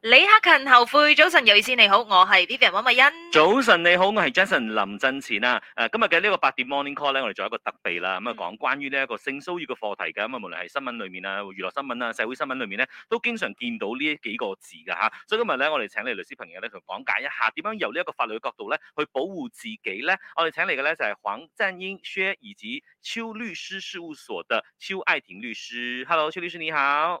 李克勤、後悔，早晨有意思，你好，我係 vivian 溫密恩。早晨你好，我係 Jason 林振前啊，誒、呃、今日嘅呢個八點 morning call 咧，我哋做一個特備啦，咁啊講關於呢一個性騷擾嘅課題嘅，咁、嗯、啊無論係新聞裏面啊、娛樂新聞啊、社會新聞裏面咧，都經常見到呢幾個字噶吓，所以今日咧我哋請嚟律師朋友咧同講解一下，點樣由呢一個法律角度咧去保護自己咧，我哋請嚟嘅咧就係黃贊英薛以及邱律師事務所的邱愛婷律師，Hello 邱律師你好。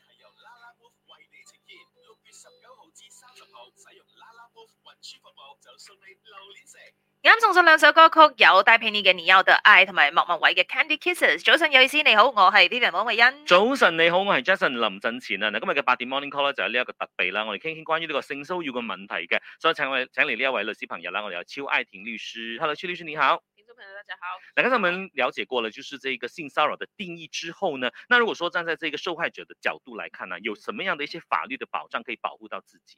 輸、 嗯、送你榴啱送咗兩首歌曲，有戴佩妮嘅《你要的愛》同埋莫文蔚嘅《Candy Kisses》。早晨，有意思，你好，我係 Dylan 黃偉欣。早晨，你好，我係 Jason 林振前啊。嗱，今日嘅八點 Morning Call 咧，就有呢一個特備啦，我哋傾一傾關於呢個性騷擾嘅問題嘅，所以請位請嚟呢一位律師朋友啦。我哋有邱愛婷律師。Hello，邱律師你好。聽眾朋友大家好。嚟，剛才我們了解過了，就是這個性騷擾嘅定義之後呢，那如果說站在這個受害者的角度來看呢，有什麼樣的一些法律嘅保障可以保護到自己？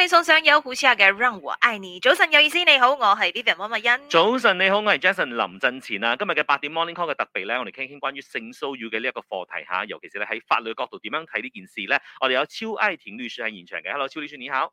你送上有酷旗嘅 Run 和 I，你早晨有意思你好，我係 David 溫文恩。早晨你好，我係 Jason。林振前啊，今日嘅八點 Morning Call 嘅特備咧，我哋傾傾關於性騷擾嘅呢一個課題吓，尤其是咧喺法律角度點樣睇呢件事咧？我哋有超 I 田律師喺現場嘅，Hello，超律師你好。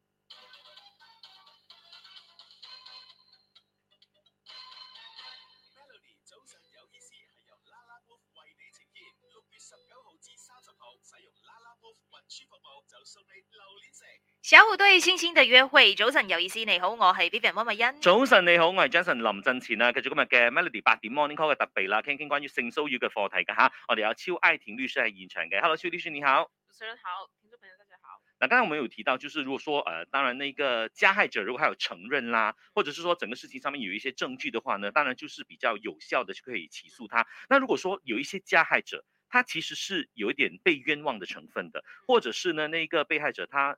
小虎隊星星的約會，早晨有意思，你好，我係 B B 人溫文欣。早晨你好，我係 Johnson 林振奇呢。呢繼續今日嘅 Melody 八點 Morning Call 嘅特備啦，傾傾關於性騷擾嘅課題嘅吓，我哋有邱愛婷律師喺現場嘅。Hello，邱律師你好，好。主持人好，聽眾朋友大家好。嗱，剛才我們有提到，就是如果說誒、呃，當然，呢一個加害者如果佢有承認啦，或者是說整個事情上面有一些證據嘅話呢，當然就是比較有效嘅，就可以起訴他。那如果說有一些加害者，他其實是有一點被冤枉嘅成分的，或者是呢，那個被害者他。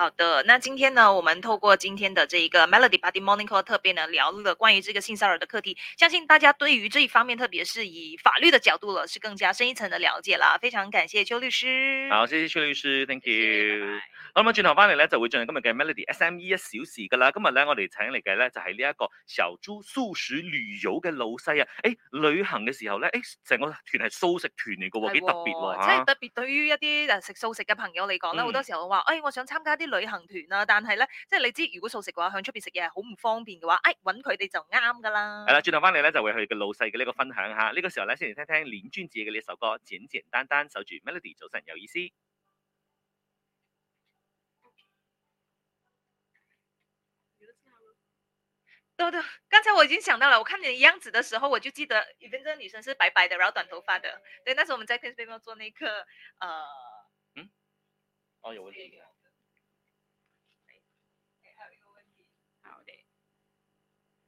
好的，那今天呢，我們透過今天的這一個 Melody Buddy Morning Call 特備呢，聊了關於這個性騷擾的課題，相信大家對於這一方面，特別是以法律的角度咯，是更加深一層的了解啦。非常感謝邱律師。好，謝謝邱律師，Thank you。咁啊，轉頭翻嚟咧，就會進入今日嘅 Melody SME 一小時噶啦。今日咧，我哋請嚟嘅咧就係呢一個小豬、素食旅遊嘅老細啊。誒，旅行嘅時候咧，誒，成個團係素食團嚟嘅幾特別喎。即係特別對於一啲誒食素食嘅朋友嚟講咧，好、嗯、多時候話，誒，我想參加啲。旅行團啊，但係咧，即係你知，如果素食嘅話，向出邊食嘢係好唔方便嘅話，哎，搵佢哋就啱噶啦。係啦，轉頭翻嚟咧，就會佢嘅老細嘅呢個分享下呢，這個時候咧，先嚟聽聽連尊子嘅呢首歌，《簡簡單單守住 Melody》，早晨有意思。豆豆、okay，剛才我已經想到了，我看你樣子嘅時候，我就記得，以為個女生是白白的，然後短頭髮的。對，那時候我們在做那刻，誒、呃，嗯，哦，有問題